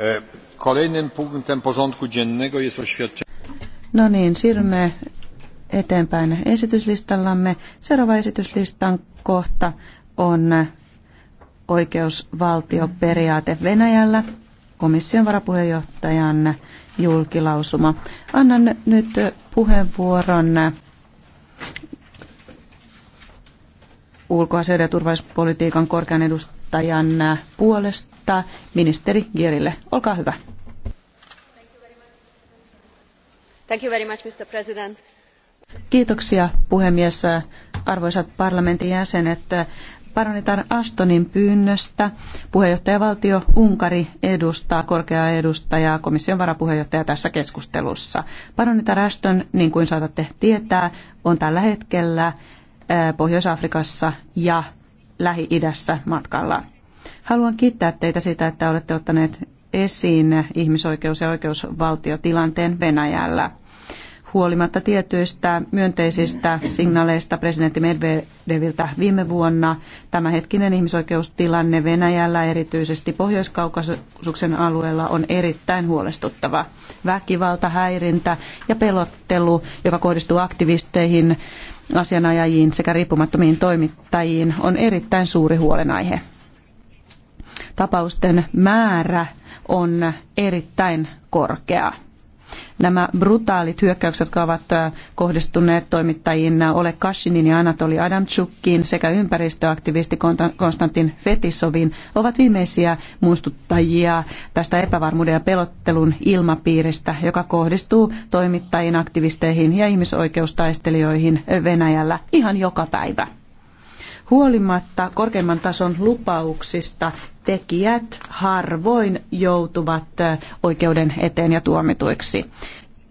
E, kolejnym punktem porządku dziennego jest oświadczenie... No niin, siirrymme eteenpäin esityslistallamme. Seuraava esityslistan kohta on oikeusvaltioperiaate Venäjällä, komission varapuheenjohtajan julkilausuma. Annan nyt puheenvuoron ulkoasioiden ja turvallisuuspolitiikan korkean edustajan kuluttajan puolesta ministeri Gierille. Olkaa hyvä. Thank you very much, Mr. President. Kiitoksia puhemies, arvoisat parlamentin jäsenet. Paronitar Astonin pyynnöstä puheenjohtajavaltio Unkari edustaa korkeaa edustajaa komission varapuheenjohtaja tässä keskustelussa. Baronitar Aston, niin kuin saatatte tietää, on tällä hetkellä eh, Pohjois-Afrikassa ja Lähi-idässä matkalla. Haluan kiittää teitä siitä, että olette ottaneet esiin ihmisoikeus- ja oikeusvaltiotilanteen Venäjällä huolimatta tietyistä myönteisistä signaaleista presidentti Medvedeviltä viime vuonna. Tämänhetkinen ihmisoikeustilanne Venäjällä, erityisesti Pohjois-Kaukasuksen alueella, on erittäin huolestuttava. Väkivalta, häirintä ja pelottelu, joka kohdistuu aktivisteihin, asianajajiin sekä riippumattomiin toimittajiin, on erittäin suuri huolenaihe. Tapausten määrä on erittäin korkea nämä brutaalit hyökkäykset, jotka ovat äh, kohdistuneet toimittajiin äh, Ole Kashinin ja Anatoli Adamchukkiin sekä ympäristöaktivisti Konstantin Fetisovin, ovat viimeisiä muistuttajia tästä epävarmuuden ja pelottelun ilmapiiristä, joka kohdistuu toimittajiin, aktivisteihin ja ihmisoikeustaistelijoihin Venäjällä ihan joka päivä huolimatta korkeimman tason lupauksista tekijät harvoin joutuvat oikeuden eteen ja tuomituiksi.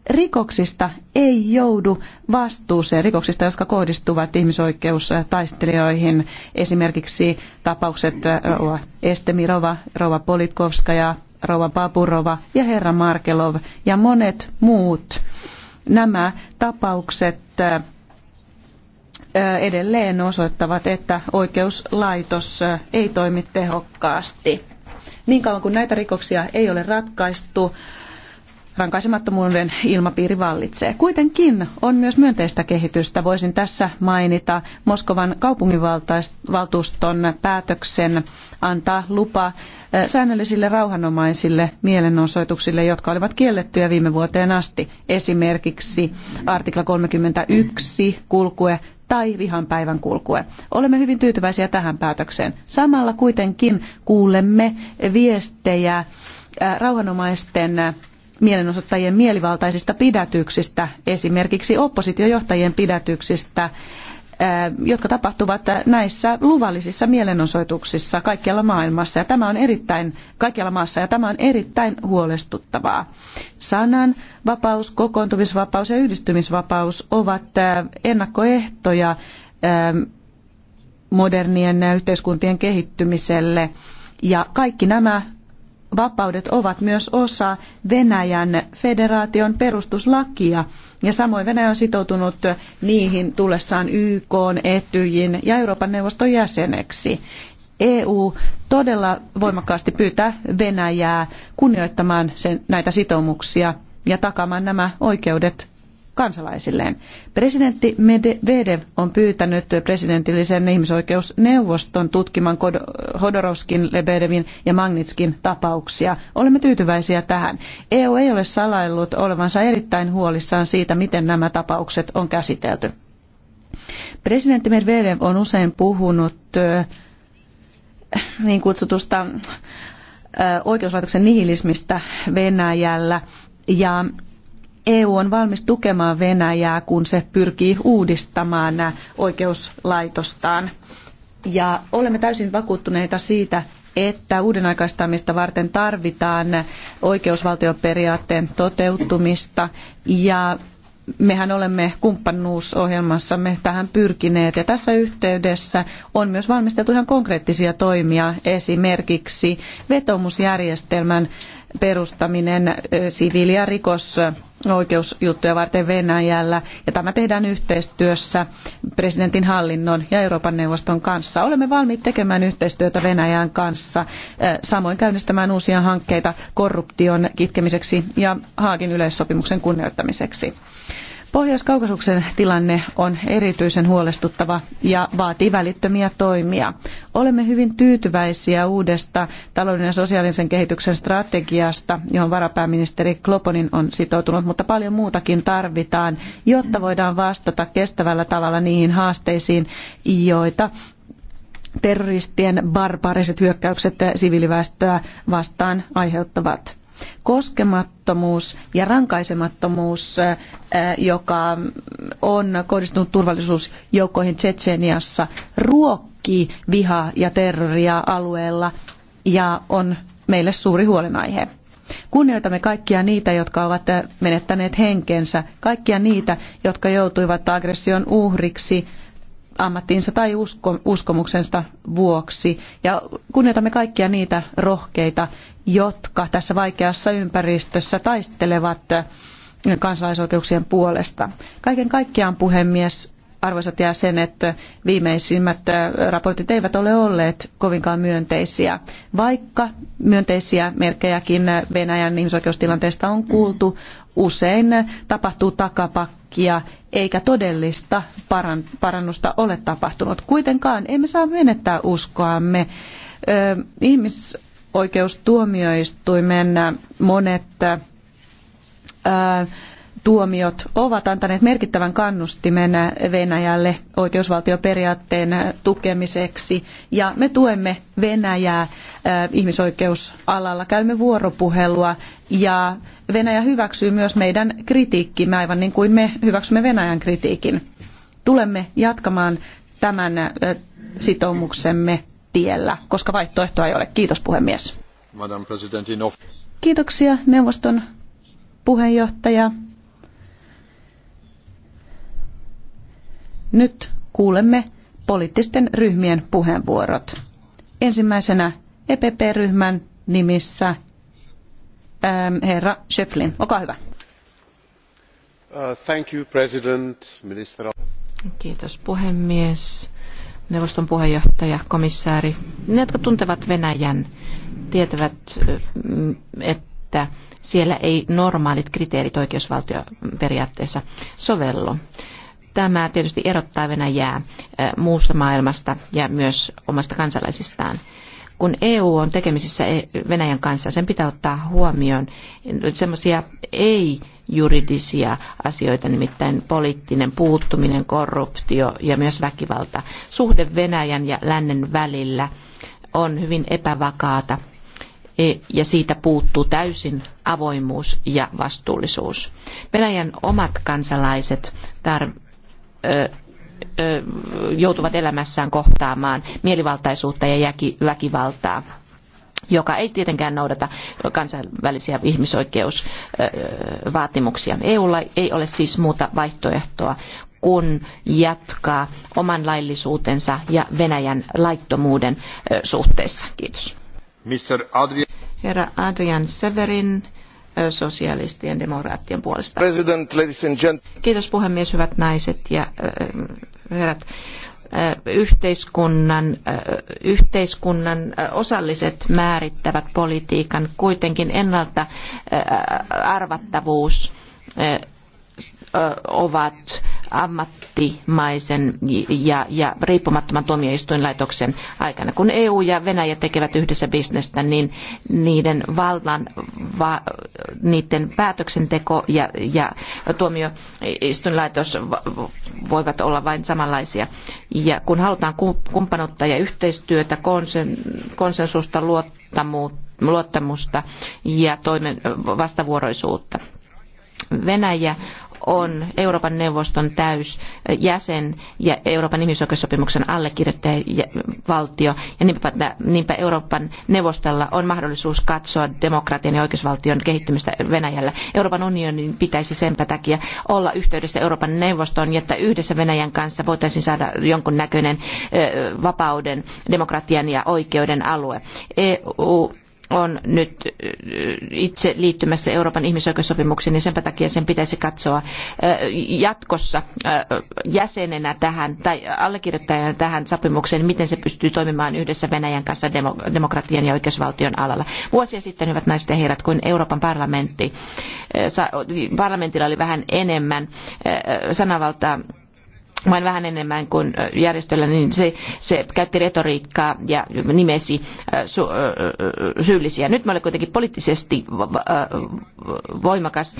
Rikoksista ei joudu vastuuseen, rikoksista, jotka kohdistuvat ihmisoikeustaistelijoihin. Esimerkiksi tapaukset Estemirova, Rova Politkovska ja Rova Papurova ja Herra Markelov ja monet muut. Nämä tapaukset edelleen osoittavat, että oikeuslaitos ei toimi tehokkaasti. Niin kauan kuin näitä rikoksia ei ole ratkaistu, rankaisemattomuuden ilmapiiri vallitsee. Kuitenkin on myös myönteistä kehitystä. Voisin tässä mainita Moskovan kaupunginvaltuuston päätöksen antaa lupa eh, säännöllisille rauhanomaisille mielenosoituksille, jotka olivat kiellettyjä viime vuoteen asti. Esimerkiksi artikla 31 kulkue tai vihanpäivän kulkue. Olemme hyvin tyytyväisiä tähän päätökseen. Samalla kuitenkin kuulemme viestejä eh, rauhanomaisten mielenosoittajien mielivaltaisista pidätyksistä, esimerkiksi oppositiojohtajien pidätyksistä, jotka tapahtuvat näissä luvallisissa mielenosoituksissa kaikkialla maailmassa. Ja tämä on erittäin, kaikkialla maassa ja tämä on erittäin huolestuttavaa. Sanan, vapaus, kokoontumisvapaus ja yhdistymisvapaus ovat ennakkoehtoja modernien yhteiskuntien kehittymiselle. Ja kaikki nämä vapaudet ovat myös osa Venäjän federaation perustuslakia. Ja samoin Venäjä on sitoutunut niihin tullessaan YK, Etyjin ja Euroopan neuvoston jäseneksi. EU todella voimakkaasti pyytää Venäjää kunnioittamaan sen, näitä sitoumuksia ja takaamaan nämä oikeudet kansalaisilleen. Presidentti Medvedev on pyytänyt presidentillisen ihmisoikeusneuvoston tutkimaan Hodorovskin, Lebedevin ja Magnitskin tapauksia. Olemme tyytyväisiä tähän. EU ei ole salaillut olevansa erittäin huolissaan siitä, miten nämä tapaukset on käsitelty. Presidentti Medvedev on usein puhunut niin kutsutusta oikeuslaitoksen nihilismistä Venäjällä ja EU on valmis tukemaan Venäjää, kun se pyrkii uudistamaan oikeuslaitostaan. Ja olemme täysin vakuuttuneita siitä, että uudenaikaistamista varten tarvitaan oikeusvaltioperiaatteen toteutumista ja mehän olemme kumppanuusohjelmassamme tähän pyrkineet ja tässä yhteydessä on myös valmisteltu ihan konkreettisia toimia esimerkiksi vetomusjärjestelmän perustaminen siviili- ja rikosoikeusjuttuja varten Venäjällä. Ja tämä tehdään yhteistyössä presidentin hallinnon ja Euroopan neuvoston kanssa. Olemme valmiit tekemään yhteistyötä Venäjän kanssa, samoin käynnistämään uusia hankkeita korruption kitkemiseksi ja Haagin yleissopimuksen kunnioittamiseksi. Pohjois-Kaukasuksen tilanne on erityisen huolestuttava ja vaatii välittömiä toimia. Olemme hyvin tyytyväisiä uudesta talouden ja sosiaalisen kehityksen strategiasta, johon varapääministeri Kloponin on sitoutunut, mutta paljon muutakin tarvitaan, jotta voidaan vastata kestävällä tavalla niihin haasteisiin, joita terroristien barbaariset hyökkäykset siviiliväestöä vastaan aiheuttavat koskemattomuus ja rankaisemattomuus, joka on kohdistunut turvallisuusjoukkoihin Tsetseniassa, ruokkii vihaa ja terroria alueella ja on meille suuri huolenaihe. Kunnioitamme kaikkia niitä, jotka ovat menettäneet henkensä, kaikkia niitä, jotka joutuivat aggression uhriksi ammattiinsa tai usko, uskomuksensa vuoksi. Ja kunnioitamme kaikkia niitä rohkeita, jotka tässä vaikeassa ympäristössä taistelevat kansalaisoikeuksien puolesta. Kaiken kaikkiaan puhemies, arvoisat jäsenet, viimeisimmät äh, raportit eivät ole olleet kovinkaan myönteisiä. Vaikka myönteisiä merkkejäkin Venäjän ihmisoikeustilanteesta on kuultu, usein tapahtuu takapakkia eikä todellista parannusta ole tapahtunut. Kuitenkaan emme saa menettää uskoamme. Ihmisoikeustuomioistuimen monet tuomiot ovat antaneet merkittävän kannustimen Venäjälle oikeusvaltioperiaatteen tukemiseksi ja me tuemme Venäjää äh, ihmisoikeusalalla, käymme vuoropuhelua ja Venäjä hyväksyy myös meidän kritiikkimme aivan niin kuin me hyväksymme Venäjän kritiikin. Tulemme jatkamaan tämän äh, sitoumuksemme tiellä, koska vaihtoehtoa ei ole. Kiitos puhemies. Kiitoksia neuvoston puheenjohtaja. Nyt kuulemme poliittisten ryhmien puheenvuorot. Ensimmäisenä EPP-ryhmän nimissä ähm, herra Schöflin. Olkaa hyvä. Uh, thank you, President, Minister. Kiitos puhemies, neuvoston puheenjohtaja, komissaari. Ne, jotka tuntevat Venäjän, tietävät, että siellä ei normaalit kriteerit oikeusvaltioperiaatteessa sovellu. Tämä tietysti erottaa Venäjää muusta maailmasta ja myös omasta kansalaisistaan. Kun EU on tekemisissä e- Venäjän kanssa, sen pitää ottaa huomioon semmoisia ei juridisia asioita, nimittäin poliittinen puuttuminen, korruptio ja myös väkivalta. Suhde Venäjän ja lännen välillä on hyvin epävakaata e- ja siitä puuttuu täysin avoimuus ja vastuullisuus. Venäjän omat kansalaiset tar- joutuvat elämässään kohtaamaan mielivaltaisuutta ja väkivaltaa joka ei tietenkään noudata kansainvälisiä ihmisoikeusvaatimuksia. EUlla ei ole siis muuta vaihtoehtoa kuin jatkaa oman laillisuutensa ja Venäjän laittomuuden suhteessa. Kiitos. Herra Adrian Severin sosialistien demokraattien puolesta. Kiitos puhemies, hyvät naiset ja herrat yhteiskunnan, yhteiskunnan osalliset määrittävät politiikan, kuitenkin ennalta arvattavuus ovat ammattimaisen ja, ja riippumattoman tuomioistuinlaitoksen aikana. Kun EU ja Venäjä tekevät yhdessä bisnestä, niin niiden vallan, va, niiden päätöksenteko ja, ja tuomioistuinlaitos voivat olla vain samanlaisia. Ja kun halutaan kumppanuutta ja yhteistyötä, konsen, konsensusta, luottamusta ja toimen, vastavuoroisuutta. Venäjä on Euroopan neuvoston täysjäsen ja Euroopan ihmisoikeussopimuksen allekirjoittajavaltio. Ja niinpä, niinpä Euroopan neuvostolla on mahdollisuus katsoa demokratian ja oikeusvaltion kehittymistä Venäjällä. Euroopan unionin pitäisi senpä takia olla yhteydessä Euroopan neuvostoon, jotta yhdessä Venäjän kanssa voitaisiin saada jonkunnäköinen vapauden, demokratian ja oikeuden alue. EU on nyt itse liittymässä Euroopan ihmisoikeussopimukseen, niin senpä takia sen pitäisi katsoa jatkossa jäsenenä tähän tai allekirjoittajana tähän sopimukseen, miten se pystyy toimimaan yhdessä Venäjän kanssa demokratian ja oikeusvaltion alalla. Vuosia sitten, hyvät naiset ja herrat, kun Euroopan parlamentti, parlamentilla oli vähän enemmän sananvaltaa vain vähän enemmän kuin järjestöllä, niin se, se käytti retoriikkaa ja nimesi su, syyllisiä. Nyt mä olen kuitenkin poliittisesti voimakas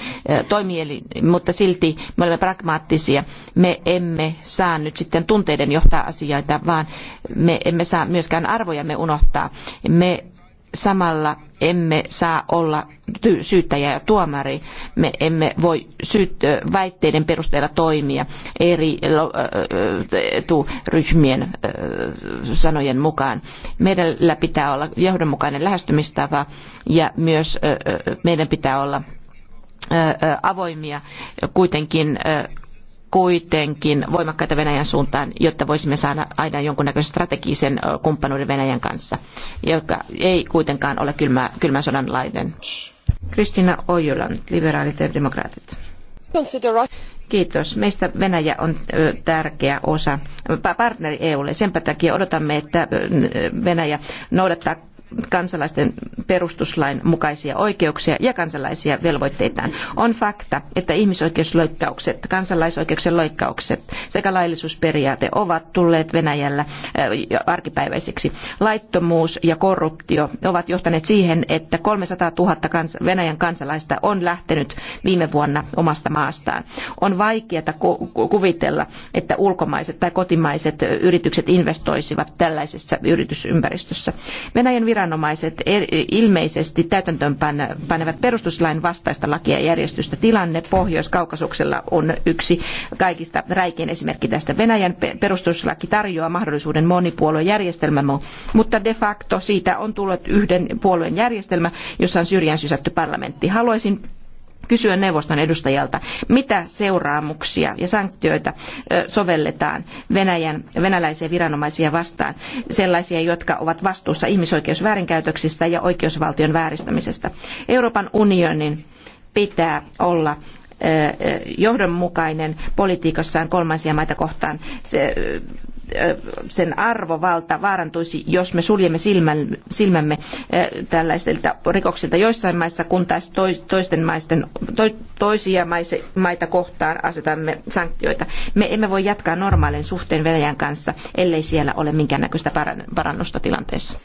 toimieli, mutta silti me olemme pragmaattisia. Me emme saa nyt sitten tunteiden johtaa asioita, vaan me emme saa myöskään arvojamme unohtaa. Me samalla emme saa olla syyttäjä ja tuomari. Me emme voi syyt- väitteiden perusteella toimia eri ryhmien sanojen mukaan. Meillä pitää olla johdonmukainen lähestymistapa ja myös meidän pitää olla avoimia kuitenkin kuitenkin voimakkaita Venäjän suuntaan, jotta voisimme saada aina jonkunnäköisen strategisen kumppanuuden Venäjän kanssa, joka ei kuitenkaan ole kylmä, kylmän sodan lainen. Kristina Ojulan, liberaalit ja demokraatit. Kiitos. Meistä Venäjä on tärkeä osa, partneri EUlle. Sen takia odotamme, että Venäjä noudattaa kansalaisten perustuslain mukaisia oikeuksia ja kansalaisia velvoitteitaan. On fakta, että ihmisoikeusloikkaukset, kansalaisoikeuksien loikkaukset sekä laillisuusperiaate ovat tulleet Venäjällä äh, arkipäiväisiksi. Laittomuus ja korruptio ovat johtaneet siihen, että 300 000 Venäjän kansalaista on lähtenyt viime vuonna omasta maastaan. On vaikeaa kuvitella, että ulkomaiset tai kotimaiset yritykset investoisivat tällaisessa yritysympäristössä. Venäjän viran viranomaiset er, ilmeisesti täytäntöönpanevat perustuslain vastaista lakia ja järjestystä. Tilanne Pohjois-Kaukasuksella on yksi kaikista räikein esimerkki tästä. Venäjän perustuslaki tarjoaa mahdollisuuden monipuoluejärjestelmään, mutta de facto siitä on tullut yhden puolueen järjestelmä, jossa on syrjään sysätty parlamentti. Haluaisin kysyä neuvoston edustajalta, mitä seuraamuksia ja sanktioita sovelletaan Venäjän, venäläisiä viranomaisia vastaan, sellaisia, jotka ovat vastuussa ihmisoikeusväärinkäytöksistä ja oikeusvaltion vääristämisestä. Euroopan unionin pitää olla johdonmukainen politiikassaan kolmansia maita kohtaan. Se, sen arvovalta vaarantuisi, jos me suljemme silmämme tällaisilta rikoksilta joissain maissa, kun taas toisten maisten, toisia maita kohtaan asetamme sanktioita. Me emme voi jatkaa normaalin suhteen Venäjän kanssa, ellei siellä ole minkäännäköistä parannusta tilanteessa.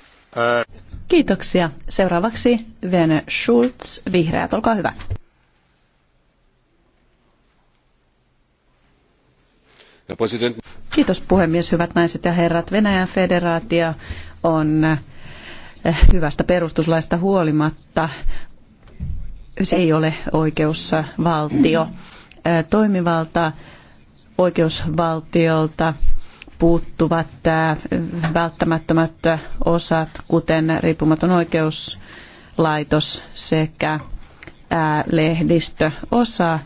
Kiitoksia. Seuraavaksi Vene Schulz, Vihreät, olkaa hyvä. Kiitos puhemies, hyvät naiset ja herrat. Venäjän federaatio on eh, hyvästä perustuslaista huolimatta. Se ei ole oikeusvaltio. Eh, toimivalta oikeusvaltiolta puuttuvat eh, välttämättömät osat, kuten riippumaton oikeuslaitos sekä lehdistö. Osa,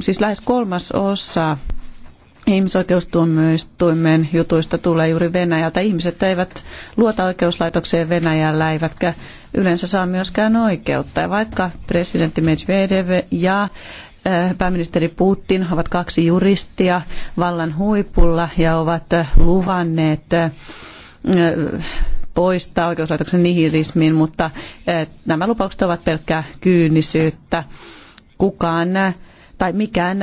siis lähes kolmas osa ihmisoikeustuomioistuimen jutuista tulee juuri Venäjältä. Ihmiset eivät luota oikeuslaitokseen Venäjällä, eivätkä yleensä saa myöskään oikeutta. Ja vaikka presidentti Medvedev ja eh, pääministeri Putin ovat kaksi juristia vallan huipulla ja ovat eh, luvanneet eh, poistaa oikeuslaitoksen nihilismin, mutta nämä lupaukset ovat pelkkää kyynisyyttä. Kukaan tai mikään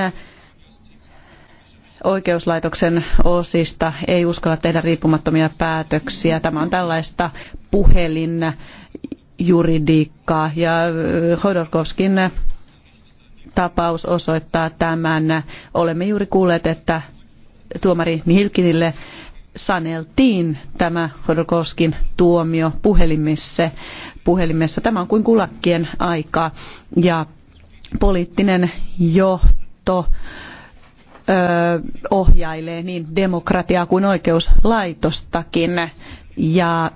oikeuslaitoksen osista ei uskalla tehdä riippumattomia päätöksiä. Tämä on tällaista puhelinjuridiikkaa ja Hodorkovskin tapaus osoittaa tämän. Olemme juuri kuulleet, että tuomari Mihilkinille saneltiin tämä Hodorkovskin tuomio puhelimissa puhelimessa. Tämä on kuin kulakkien aikaa ja poliittinen johto ohjailee niin demokratiaa kuin oikeuslaitostakin ja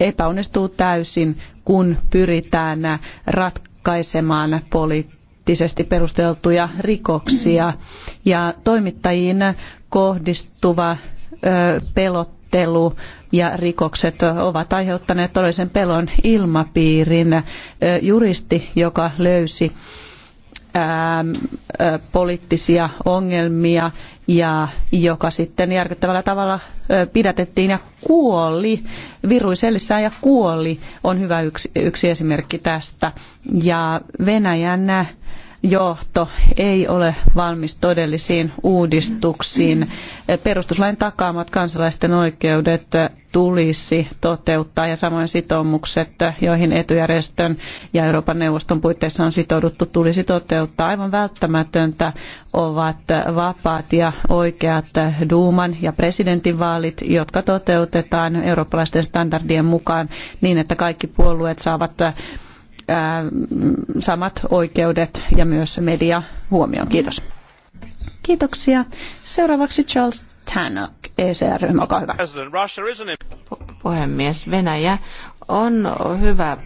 epäonnistuu täysin, kun pyritään ratkaisemaan poliittisesti perusteltuja rikoksia. Ja toimittajiin kohdistuva pelottelu ja rikokset ovat aiheuttaneet todellisen pelon ilmapiirin. Juristi, joka löysi Ähm, poliittisia ongelmia ja joka sitten järkyttävällä tavalla pidätettiin ja kuoli, virui sellissään ja kuoli, on hyvä yksi, yksi esimerkki tästä. Ja Venäjän johto ei ole valmis todellisiin uudistuksiin. Perustuslain takaamat kansalaisten oikeudet tulisi toteuttaa ja samoin sitoumukset, joihin etujärjestön ja Euroopan neuvoston puitteissa on sitouduttu, tulisi toteuttaa. Aivan välttämätöntä ovat vapaat ja oikeat Duuman ja presidentinvaalit, jotka toteutetaan eurooppalaisten standardien mukaan niin, että kaikki puolueet saavat samat oikeudet ja myös media huomioon. Kiitos. Kiitoksia. Seuraavaksi Charles Tannock, ECR-ryhmä, olkaa hyvä. Puhemies, Venäjä on hyvä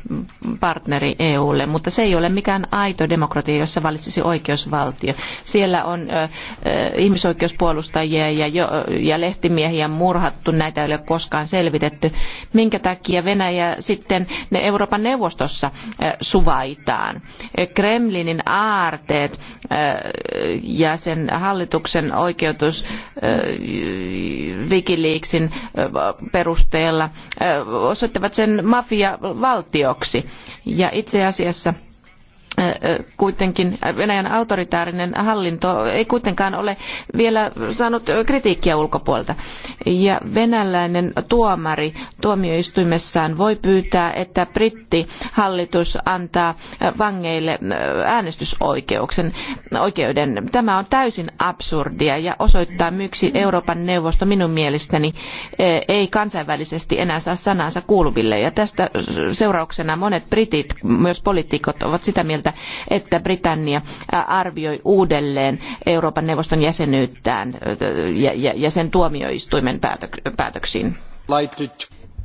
partneri EUlle, mutta se ei ole mikään aito demokratia, jossa valitsisi oikeusvaltio. Siellä on ihmisoikeuspuolustajia ja, jo, ja lehtimiehiä murhattu, näitä ei ole koskaan selvitetty. Minkä takia Venäjä sitten ne Euroopan neuvostossa suvaitaan? Kremlinin aarteet ja sen hallituksen oikeutus Wikileaksin perusteella osoittavat sen mafiavaltioksi. Ja itse asiassa kuitenkin Venäjän autoritäärinen hallinto ei kuitenkaan ole vielä saanut kritiikkiä ulkopuolelta. Ja venäläinen tuomari tuomioistuimessaan voi pyytää, että brittihallitus antaa vangeille äänestysoikeuden. Tämä on täysin absurdia ja osoittaa, miksi Euroopan neuvosto minun mielestäni ei kansainvälisesti enää saa sanansa kuuluville. Ja tästä seurauksena monet britit, myös poliitikot, ovat sitä mieltä, että, Britannia arvioi uudelleen Euroopan neuvoston jäsenyyttään ja sen tuomioistuimen päätöksiin.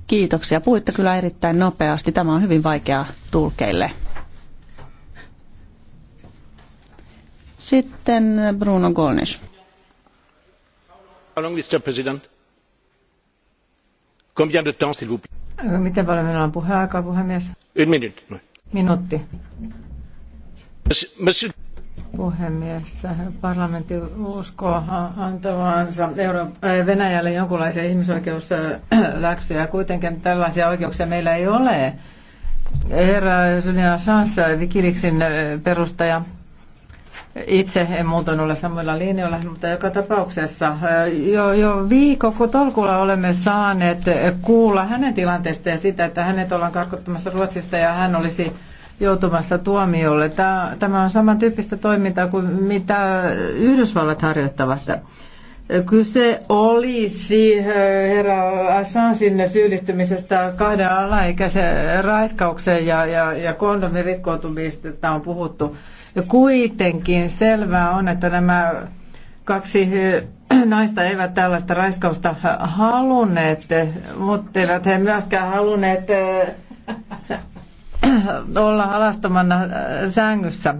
Kiitoksia. Puhuitte kyllä erittäin nopeasti. Tämä on hyvin vaikeaa tulkeille. Sitten Bruno Gollnisch. How long, Mr. President? Combien de temps, s'il vous plaît? Miten paljon meillä on puheaikaa, puhemies? Une minute. Minuutti. Puhemies, parlamentti uskoo antavansa äh, Venäjälle jonkinlaisia ihmisoikeusläksyjä. Kuitenkin tällaisia oikeuksia meillä ei ole. Herra Julian Assange, Wikileaksin äh, perustaja, itse en muuten ole samoilla linjoilla, mutta joka tapauksessa äh, jo, jo viikko kun tolkulla olemme saaneet kuulla hänen tilanteestaan ja sitä, että hänet ollaan karkottamassa Ruotsista ja hän olisi joutumassa tuomiolle. Tämä on samantyyppistä toimintaa kuin mitä Yhdysvallat harjoittavat. Kyse olisi herra Assangein syyllistymisestä kahden alaikäisen raiskaukseen ja, ja, ja kondomirikkoutumista on puhuttu. Ja kuitenkin selvää on, että nämä kaksi naista eivät tällaista raiskausta halunneet, mutta eivät he myöskään halunneet olla alastomana äh, sängyssä.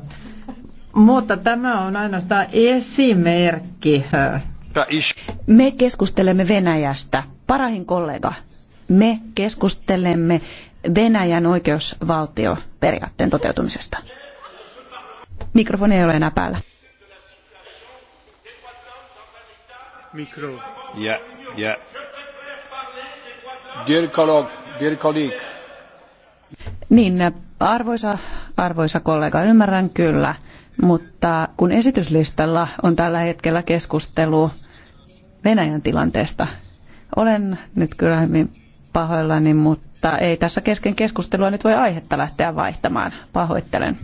Mutta tämä on ainoastaan esimerkki. Äh. Me keskustelemme Venäjästä. Parahin kollega, me keskustelemme Venäjän oikeusvaltioperiaatteen toteutumisesta. Mikrofoni ei ole enää päällä. Mikro. Ja, ja. Dear colleague, dear colleague. Niin, arvoisa, arvoisa kollega, ymmärrän kyllä, mutta kun esityslistalla on tällä hetkellä keskustelu Venäjän tilanteesta, olen nyt kyllä hyvin pahoillani, mutta ei tässä kesken keskustelua nyt voi aihetta lähteä vaihtamaan. Pahoittelen.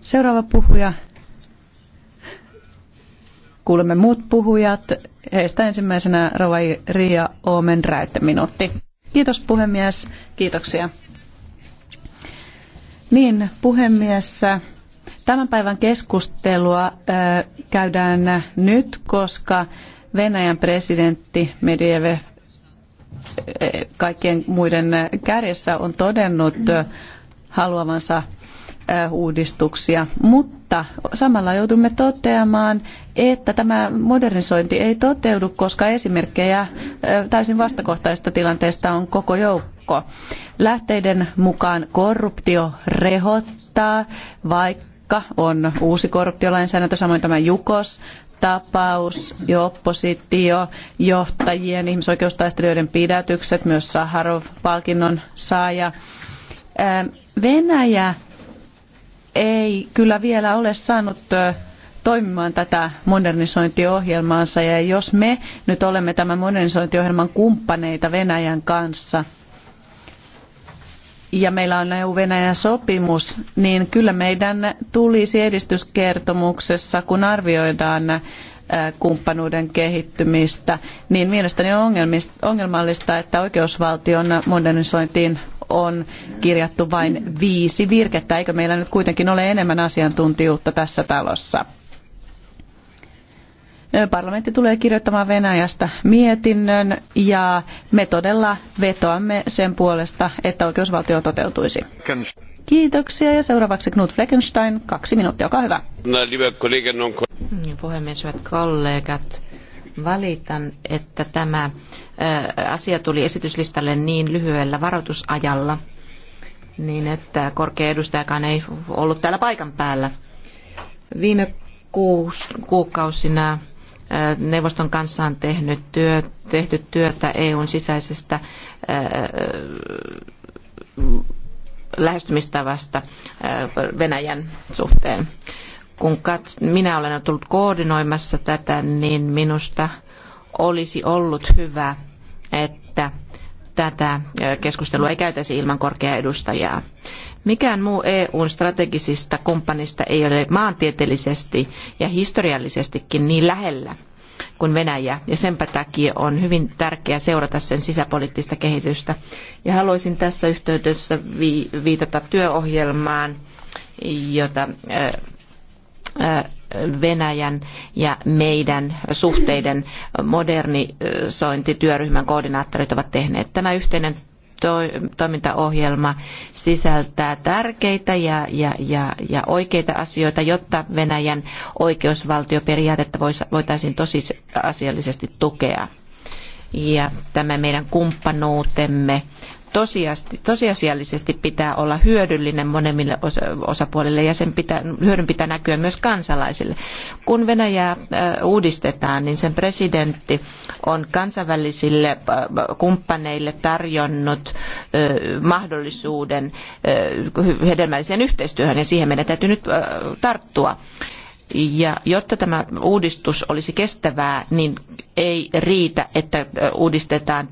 Seuraava puhuja. Kuulemme muut puhujat. Heistä ensimmäisenä Rova Ria Oomen Räyttö minuutti. Kiitos puhemies. Kiitoksia. Niin, puhemies. Tämän päivän keskustelua käydään nyt, koska Venäjän presidentti Medvedev kaikkien muiden kärjessä on todennut haluavansa uudistuksia, mutta samalla joudumme toteamaan, että tämä modernisointi ei toteudu, koska esimerkkejä täysin vastakohtaisesta tilanteesta on koko joukko joukko. Lähteiden mukaan korruptio rehottaa, vaikka on uusi korruptiolainsäädäntö, samoin tämä Jukos, tapaus ja oppositio, johtajien, ihmisoikeustaistelijoiden pidätykset, myös Saharov-palkinnon saaja. Ähm, Venäjä ei kyllä vielä ole saanut äh, toimimaan tätä modernisointiohjelmaansa ja jos me nyt olemme tämän modernisointiohjelman kumppaneita Venäjän kanssa, ja meillä on EU-Venäjä-sopimus, niin kyllä meidän tulisi edistyskertomuksessa, kun arvioidaan äh, kumppanuuden kehittymistä, niin mielestäni on ongelmallista, että oikeusvaltion modernisointiin on kirjattu vain viisi virkettä. Eikö meillä nyt kuitenkin ole enemmän asiantuntijuutta tässä talossa? Parlamentti tulee kirjoittamaan Venäjästä mietinnön ja me todella vetoamme sen puolesta, että oikeusvaltio toteutuisi. Kiitoksia ja seuraavaksi Knut Fleckenstein, kaksi minuuttia, olkaa hyvä. Niin, puhemies, hyvät kollegat, valitan, että tämä asia tuli esityslistalle niin lyhyellä varoitusajalla, niin että korkea edustajakaan ei ollut täällä paikan päällä. Viime kuukausina neuvoston kanssa on tehnyt työ, tehty työtä EUn sisäisestä lähestymistavasta Venäjän suhteen. Kun minä olen tullut koordinoimassa tätä, niin minusta olisi ollut hyvä, että tätä keskustelua ei käytäisi ilman korkeaa edustajaa. Mikään muu EUn strategisista kumppanista ei ole maantieteellisesti ja historiallisestikin niin lähellä kuin Venäjä, ja senpä takia on hyvin tärkeää seurata sen sisäpoliittista kehitystä. Ja haluaisin tässä yhteydessä viitata työohjelmaan, jota äh, äh, Venäjän ja meidän suhteiden modernisointityöryhmän koordinaattorit ovat tehneet. Tämä yhteinen toimintaohjelma sisältää tärkeitä ja, ja, ja, ja oikeita asioita, jotta Venäjän oikeusvaltioperiaatetta voitaisiin tosiasiallisesti tukea. Ja tämä meidän kumppanuutemme tosiasiallisesti pitää olla hyödyllinen monemmille osapuolille ja sen pitää, hyödyn pitää näkyä myös kansalaisille. Kun Venäjää uudistetaan, niin sen presidentti on kansainvälisille kumppaneille tarjonnut mahdollisuuden hedelmälliseen yhteistyöhön ja siihen meidän täytyy nyt tarttua. Ja jotta tämä uudistus olisi kestävää, niin ei riitä, että uudistetaan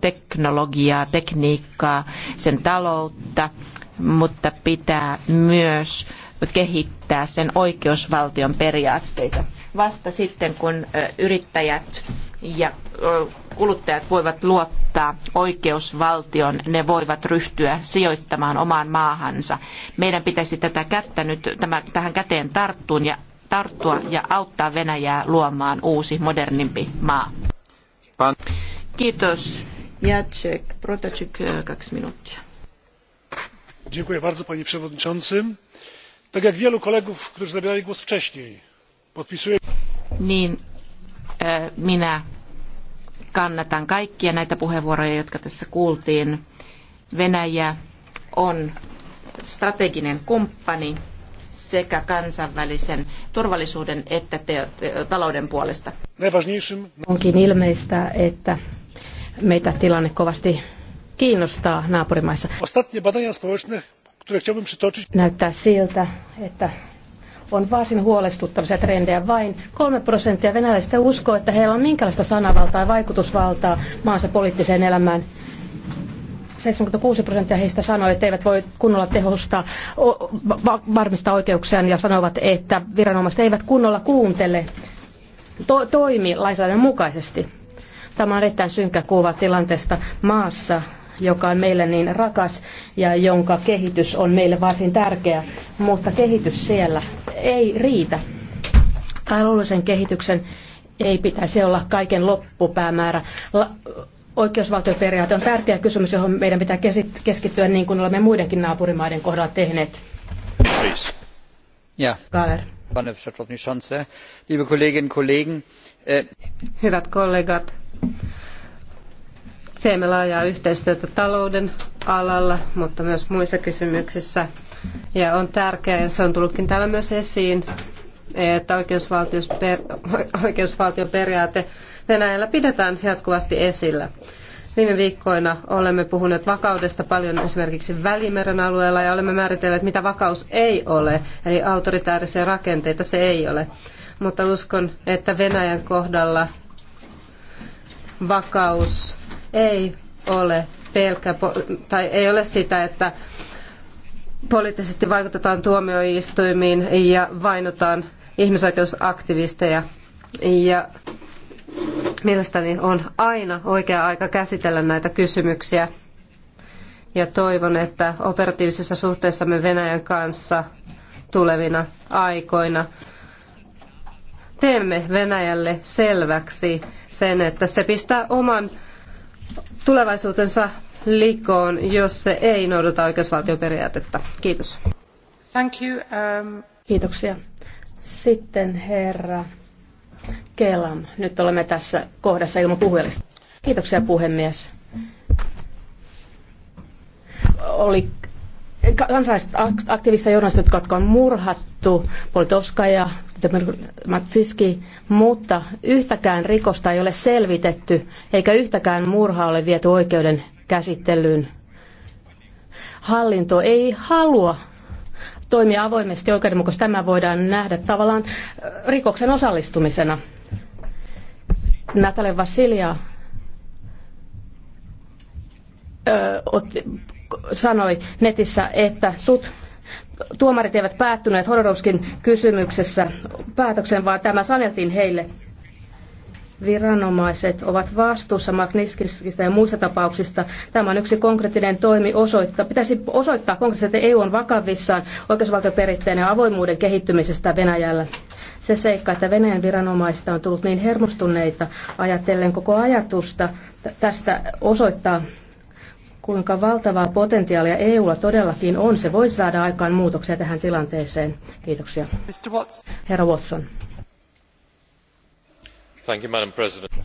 teknologiaa, tekniikkaa, sen taloutta, mutta pitää myös kehittää sen oikeusvaltion periaatteita. Vasta sitten, kun yrittäjät ja kuluttajat voivat luottaa oikeusvaltion, ne voivat ryhtyä sijoittamaan omaan maahansa. Meidän pitäisi tätä kättä nyt, tämä, tähän käteen tarttua ja tarttua ja auttaa Venäjää luomaan uusi, modernimpi maa. Kiitos. Jacek Protacik, kaksi minuuttia. Dziękuję bardzo, panie przewodniczący. Tak jak wielu kolegów, którzy zabierali głos wcześniej, podpisuję... Niin, e, minä kannatan kaikkia näitä puheenvuoroja, jotka tässä kuultiin. Venäjä on strateginen kumppani sekä kansainvälisen turvallisuuden että talouden puolesta. Onkin ilmeistä, että meitä tilanne kovasti kiinnostaa naapurimaissa. Näyttää siltä, että on varsin huolestuttavia trendejä. Vain kolme prosenttia venäläisistä uskoo, että heillä on minkälaista sanavaltaa ja vaikutusvaltaa maansa poliittiseen elämään. 76 prosenttia heistä sanoi, että eivät voi kunnolla tehostaa, varmistaa oikeuksiaan ja sanovat, että viranomaiset eivät kunnolla kuuntele, to, toimi lainsäädännön mukaisesti. Tämä on erittäin synkkä kuva tilanteesta maassa, joka on meille niin rakas ja jonka kehitys on meille varsin tärkeä, mutta kehitys siellä ei riitä. Taloudellisen kehityksen ei pitäisi olla kaiken loppupäämäärä. Oikeusvaltioperiaate on tärkeä kysymys, johon meidän pitää keskittyä niin kuin olemme muidenkin naapurimaiden kohdalla tehneet. Ja. Galer. Liebe Kollegen, e- Hyvät kollegat, teemme laajaa yhteistyötä talouden alalla, mutta myös muissa kysymyksissä. Ja on tärkeää, ja se on tullutkin täällä myös esiin, että oikeusvaltioperiaate Venäjällä pidetään jatkuvasti esillä. Viime viikkoina olemme puhuneet vakaudesta paljon esimerkiksi Välimeren alueella ja olemme määritelleet, mitä vakaus ei ole, eli autoritaarisia rakenteita se ei ole. Mutta uskon, että Venäjän kohdalla vakaus ei ole pelkä tai ei ole sitä, että poliittisesti vaikutetaan tuomioistuimiin ja vainotaan ihmisoikeusaktivisteja ja Mielestäni on aina oikea aika käsitellä näitä kysymyksiä ja toivon, että operatiivisessa suhteessamme Venäjän kanssa tulevina aikoina teemme Venäjälle selväksi sen, että se pistää oman tulevaisuutensa likoon, jos se ei noudata oikeusvaltioperiaatetta. Kiitos. Thank you. Um... Kiitoksia. Sitten herra Kelam, nyt olemme tässä kohdassa ilman Kiitoksia puhemies. Oli kansalaiset aktiivista journalistit, jotka on murhattu, Politowska ja Matsiski, mutta yhtäkään rikosta ei ole selvitetty, eikä yhtäkään murhaa ole viety oikeuden käsittelyyn. Hallinto ei halua toimia avoimesti ja oikeudenmukaisesti. Tämä voidaan nähdä tavallaan äh, rikoksen osallistumisena. Natale Vasilia öö, otti, sanoi netissä, että tut, tuomarit eivät päättyneet Hodorowskin kysymyksessä päätöksen, vaan tämä saneltiin heille viranomaiset ovat vastuussa Magnitskista ja muista tapauksista. Tämä on yksi konkreettinen toimi osoittaa. Pitäisi osoittaa konkreettisesti, että EU on vakavissaan oikeusvaltioperitteen ja avoimuuden kehittymisestä Venäjällä. Se seikka, että Venäjän viranomaista on tullut niin hermostuneita ajatellen koko ajatusta tästä osoittaa, kuinka valtavaa potentiaalia EUlla todellakin on. Se voi saada aikaan muutoksia tähän tilanteeseen. Kiitoksia. Herra Watson.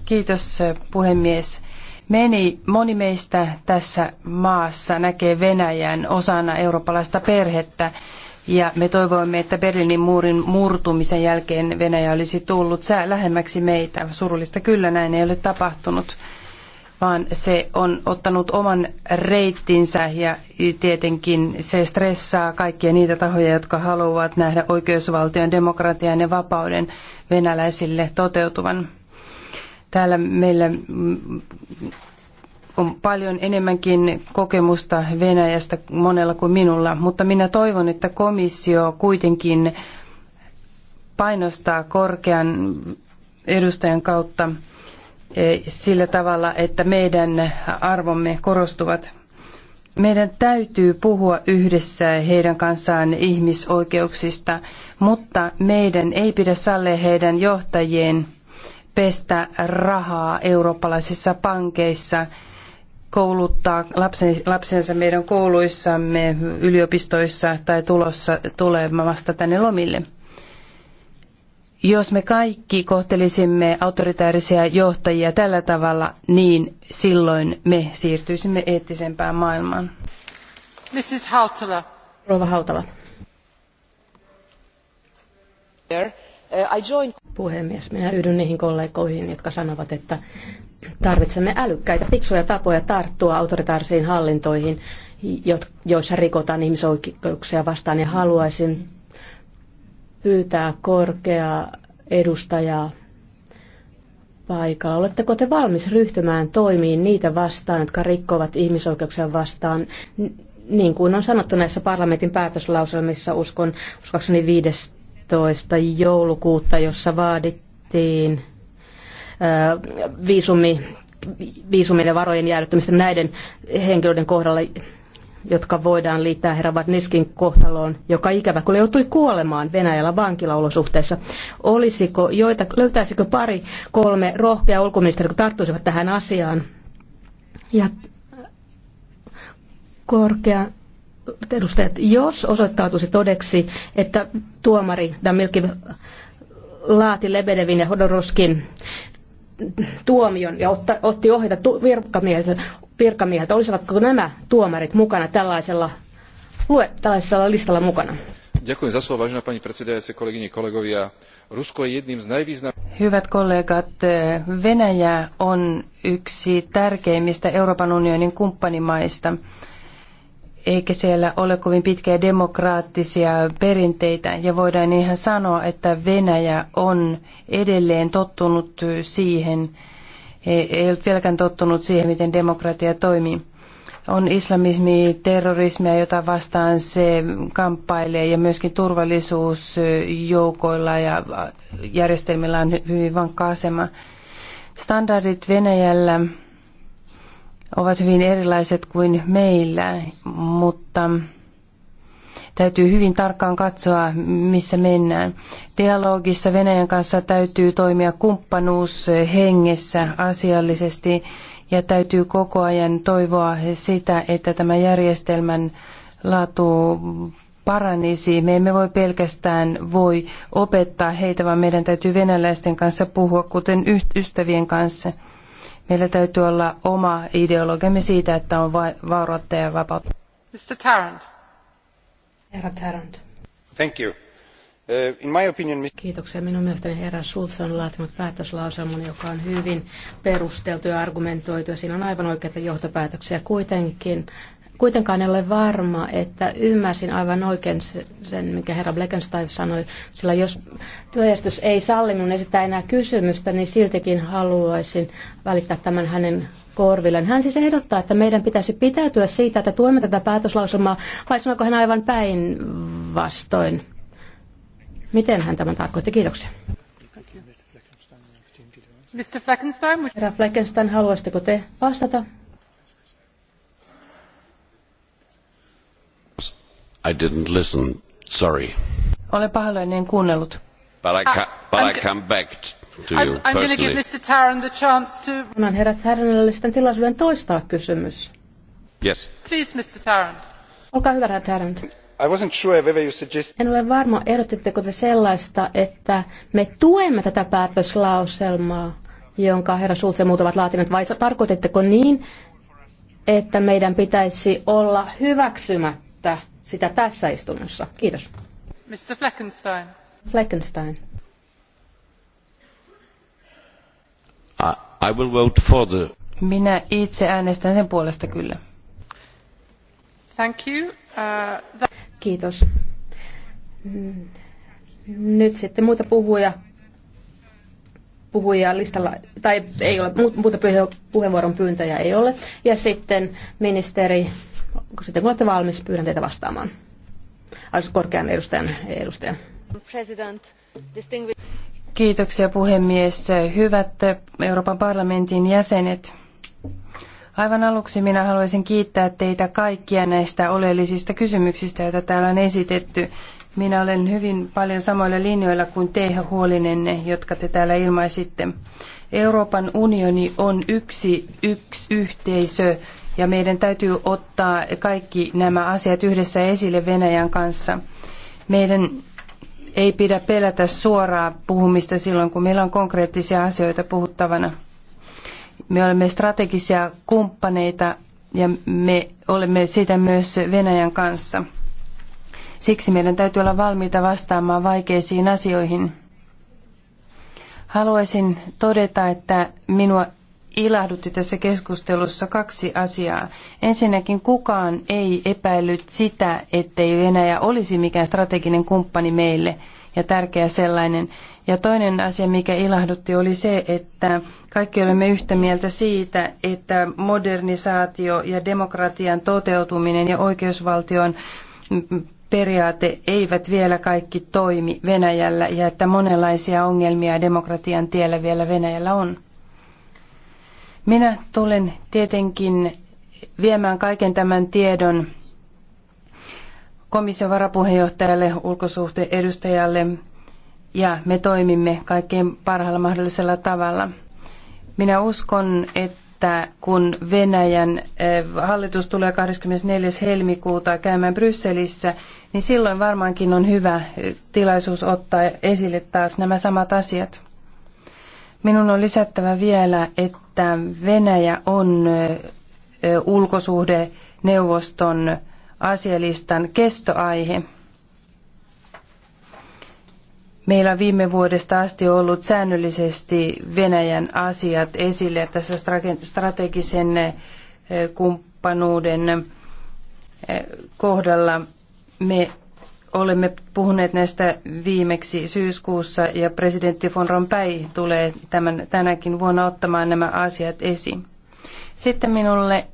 Kiitos eh, puhemies. Meni, moni meistä tässä maassa näkee Venäjän osana eurooppalaista perhettä ja me toivoimme, että Berliinin muurin murtumisen jälkeen Venäjä olisi tullut lähemmäksi meitä. Surullista kyllä näin ei ole tapahtunut vaan se on ottanut oman reittinsä ja tietenkin se stressaa kaikkia niitä tahoja, jotka haluavat nähdä oikeusvaltion, demokratian ja vapauden venäläisille toteutuvan. Täällä meillä on paljon enemmänkin kokemusta Venäjästä monella kuin minulla, mutta minä toivon, että komissio kuitenkin painostaa korkean edustajan kautta E, sillä tavalla, että meidän arvomme korostuvat. Meidän täytyy puhua yhdessä heidän kanssaan ihmisoikeuksista, mutta meidän ei pidä sallia heidän johtajien pestä rahaa eurooppalaisissa pankeissa, kouluttaa lapsensa meidän kouluissamme, yliopistoissa tai tulossa tulemasta tänne lomille. Jos me kaikki kohtelisimme autoritäärisiä johtajia tällä tavalla, niin silloin me siirtyisimme eettisempään maailmaan. Mrs. Hautala. Rova Hautala. Uh, Puhemies, minä yhdyn niihin kollegoihin, jotka sanovat, että tarvitsemme älykkäitä, fiksuja tapoja tarttua autoritaarisiin hallintoihin, joissa rikotaan ihmisoikeuksia vastaan. Ja haluaisin pyytää korkeaa edustajaa paikalla. Oletteko te valmis ryhtymään toimiin niitä vastaan, jotka rikkovat ihmisoikeuksia vastaan, niin kuin on sanottu näissä parlamentin päätöslauselmissa, uskon, uskoakseni 15. joulukuuta, jossa vaadittiin viisumi, viisumille varojen jäädyttämistä näiden henkilöiden kohdalla, jotka voidaan liittää herra Varniskin kohtaloon, joka ikävä kyllä joutui kuolemaan Venäjällä vankilaolosuhteissa. Olisiko joita, löytäisikö pari, kolme rohkea ulkoministeriä, jotka tarttuisivat tähän asiaan? Ja korkea edustajat, jos osoittautuisi todeksi, että tuomari Damilki laati Lebedevin ja Hodoroskin tuomion ja otti ohjeita virkamieheltä, virkamiehet, olisivatko nämä tuomarit mukana tällaisella, lue, tällaisella listalla mukana? Ďakujem za slovo, vážená pani predsedajúca, kolegyne, kolegovia. Rusko je jedným z najvýznam... Hyvät kollegat, Venäjä on yksi tärkeimmistä Euroopan unionin kumppanimaista eikä siellä ole kovin pitkiä demokraattisia perinteitä. Ja voidaan ihan sanoa, että Venäjä on edelleen tottunut siihen, ei ollut vieläkään tottunut siihen, miten demokratia toimii. On islamismi, terrorismia, jota vastaan se kamppailee ja myöskin turvallisuusjoukoilla ja järjestelmillä on hyvin vankka asema. Standardit Venäjällä ovat hyvin erilaiset kuin meillä, mutta Täytyy hyvin tarkkaan katsoa, missä mennään. Dialogissa Venäjän kanssa täytyy toimia kumppanuushengessä asiallisesti ja täytyy koko ajan toivoa sitä, että tämä järjestelmän laatu paranisi. Me emme voi pelkästään voi opettaa heitä, vaan meidän täytyy venäläisten kanssa puhua, kuten ystävien kanssa. Meillä täytyy olla oma ideologiamme siitä, että on vaurautta ja vapautta. Mr. Tarrant. Uh, Kiitoksia. Minun mielestäni herra Schulz on laatinut päätöslauselman, joka on hyvin perusteltu ja argumentoitu, ja siinä on aivan oikeita johtopäätöksiä. Kuitenkin Kuitenkaan en ole varma, että ymmärsin aivan oikein sen, mikä herra Blackenstein sanoi, sillä jos työjärjestys ei salli minun esittää enää kysymystä, niin siltikin haluaisin välittää tämän hänen korvilleen. Hän siis ehdottaa, että meidän pitäisi pitäytyä siitä, että tuemme tätä päätöslausumaa, vai sanoiko hän aivan päinvastoin? Miten hän tämän tarkoitti? Kiitoksia. Mr. Fleckenstein, herra Fleckenstein, haluaisitteko te vastata? I didn't listen. Sorry. Olen pahoillani, en kuunnellut. But I, ah, ca- but I come back to you I'm, I'm going to give Mr. Tarran the chance to... Annan herra Tarrantille sitten tilaisuuden toistaa kysymys. Yes. Please, Mr. Tarrant. Olkaa hyvä, herra Tarrant. I wasn't sure if you suggest... En ole varma, ehdotitteko te sellaista, että me tuemme tätä päätöslauselmaa, jonka herra Schulz ja muut ovat laatineet, vai tarkoititteko niin, että meidän pitäisi olla hyväksymättä sitä tässä istunnossa. Kiitos. Mr. Fleckenstein. Fleckenstein. I will vote for the... Minä itse äänestän sen puolesta kyllä. Thank you. Uh, that... Kiitos. Nyt sitten muita puhuja puhuja listalla, tai ei ole, muuta puheenvuoron pyyntöjä ei ole. Ja sitten ministeri sitten kun olette valmis, pyydän teitä vastaamaan. Arvoisa korkean edustajan edustaja. Kiitoksia puhemies. Hyvät Euroopan parlamentin jäsenet. Aivan aluksi minä haluaisin kiittää teitä kaikkia näistä oleellisista kysymyksistä, joita täällä on esitetty. Minä olen hyvin paljon samoilla linjoilla kuin te huolinenne, jotka te täällä ilmaisitte. Euroopan unioni on yksi, yksi yhteisö, ja meidän täytyy ottaa kaikki nämä asiat yhdessä esille Venäjän kanssa. Meidän ei pidä pelätä suoraa puhumista silloin, kun meillä on konkreettisia asioita puhuttavana. Me olemme strategisia kumppaneita ja me olemme sitä myös Venäjän kanssa. Siksi meidän täytyy olla valmiita vastaamaan vaikeisiin asioihin. Haluaisin todeta, että minua ilahdutti tässä keskustelussa kaksi asiaa. Ensinnäkin kukaan ei epäillyt sitä, ettei Venäjä olisi mikään strateginen kumppani meille ja tärkeä sellainen. Ja toinen asia, mikä ilahdutti, oli se, että kaikki olemme yhtä mieltä siitä, että modernisaatio ja demokratian toteutuminen ja oikeusvaltion periaate eivät vielä kaikki toimi Venäjällä ja että monenlaisia ongelmia demokratian tiellä vielä Venäjällä on. Minä tulen tietenkin viemään kaiken tämän tiedon komission varapuheenjohtajalle, ulkosuhteedustajalle ja me toimimme kaikkein parhaalla mahdollisella tavalla. Minä uskon, että kun Venäjän eh, hallitus tulee 24. helmikuuta käymään Brysselissä, niin silloin varmaankin on hyvä eh, tilaisuus ottaa esille taas nämä samat asiat. Minun on lisättävä vielä, että Venäjä on neuvoston asialistan kestoaihe. Meillä on viime vuodesta asti ollut säännöllisesti Venäjän asiat esille tässä strategisen kumppanuuden kohdalla. Me Olemme puhuneet näistä viimeksi syyskuussa ja presidentti von Rompuy tulee tämän, tänäkin vuonna ottamaan nämä asiat esiin. Sitten minulle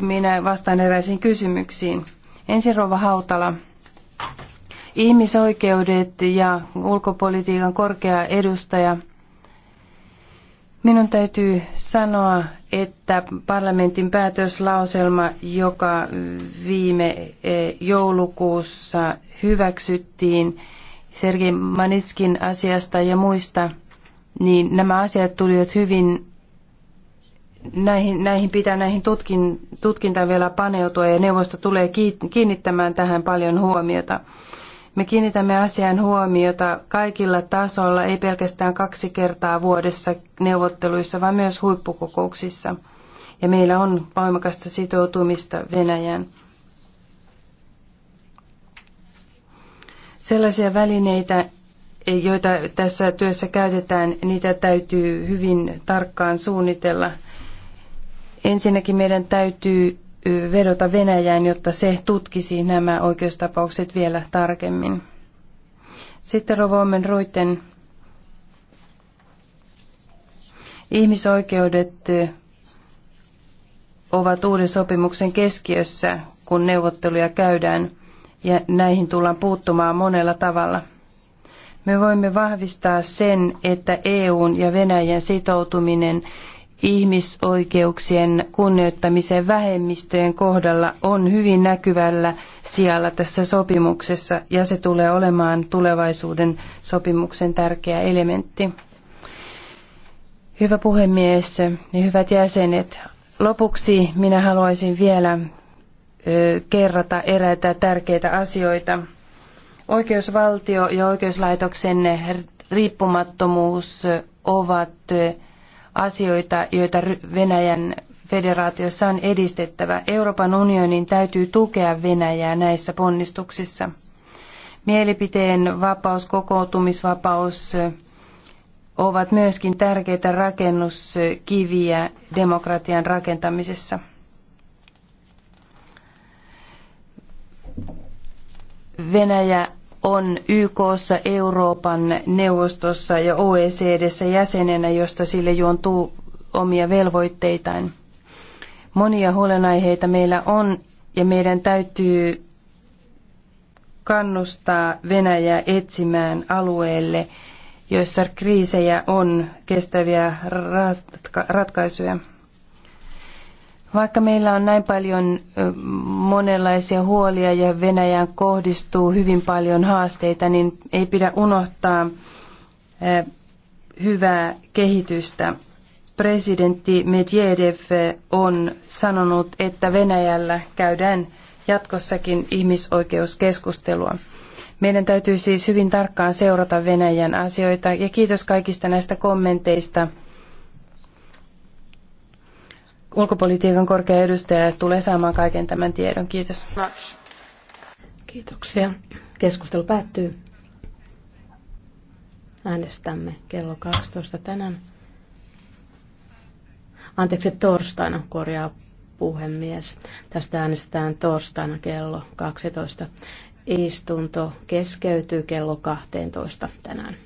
minä vastaan eräisiin kysymyksiin. Ensin Rova Hautala. Ihmisoikeudet ja ulkopolitiikan korkea edustaja – Minun täytyy sanoa, että parlamentin päätöslauselma, joka viime e, joulukuussa hyväksyttiin Sergei maniskin asiasta ja muista, niin nämä asiat tulivat hyvin, näihin, näihin pitää näihin tutkin, tutkintaan vielä paneutua ja neuvosto tulee kiinnittämään tähän paljon huomiota. Me kiinnitämme asian huomiota kaikilla tasoilla ei pelkästään kaksi kertaa vuodessa neuvotteluissa, vaan myös huippukokouksissa. Ja meillä on voimakasta sitoutumista Venäjään. Sellaisia välineitä, joita tässä työssä käytetään, niitä täytyy hyvin tarkkaan suunnitella. Ensinnäkin meidän täytyy vedota Venäjään, jotta se tutkisi nämä oikeustapaukset vielä tarkemmin. Sitten Rovomen Ruiten ihmisoikeudet eh, ovat uuden sopimuksen keskiössä, kun neuvotteluja käydään, ja näihin tullaan puuttumaan monella tavalla. Me voimme vahvistaa sen, että EUn ja Venäjän sitoutuminen ihmisoikeuksien kunnioittamisen vähemmistöjen kohdalla on hyvin näkyvällä sijalla tässä sopimuksessa ja se tulee olemaan tulevaisuuden sopimuksen tärkeä elementti. Hyvä puhemies ja hyvät jäsenet, lopuksi minä haluaisin vielä kerrata eräitä tärkeitä asioita. Oikeusvaltio ja oikeuslaitoksen riippumattomuus ovat asioita, joita Venäjän federaatiossa on edistettävä. Euroopan unionin täytyy tukea Venäjää näissä ponnistuksissa. Mielipiteen vapaus, kokoontumisvapaus ovat myöskin tärkeitä rakennuskiviä demokratian rakentamisessa. Venäjä on YKssa, Euroopan neuvostossa ja OECDssä jäsenenä, josta sille juontuu omia velvoitteitaan. Monia huolenaiheita meillä on ja meidän täytyy kannustaa Venäjää etsimään alueelle, joissa kriisejä on kestäviä ratka- ratkaisuja. Vaikka meillä on näin paljon monenlaisia huolia ja Venäjään kohdistuu hyvin paljon haasteita, niin ei pidä unohtaa hyvää kehitystä. Presidentti Medvedev on sanonut, että Venäjällä käydään jatkossakin ihmisoikeuskeskustelua. Meidän täytyy siis hyvin tarkkaan seurata Venäjän asioita ja kiitos kaikista näistä kommenteista ulkopolitiikan korkea edustaja tulee saamaan kaiken tämän tiedon. Kiitos. Kiitoksia. Keskustelu päättyy. Äänestämme kello 12 tänään. Anteeksi, torstaina korjaa puhemies. Tästä äänestetään torstaina kello 12. Istunto keskeytyy kello 12 tänään.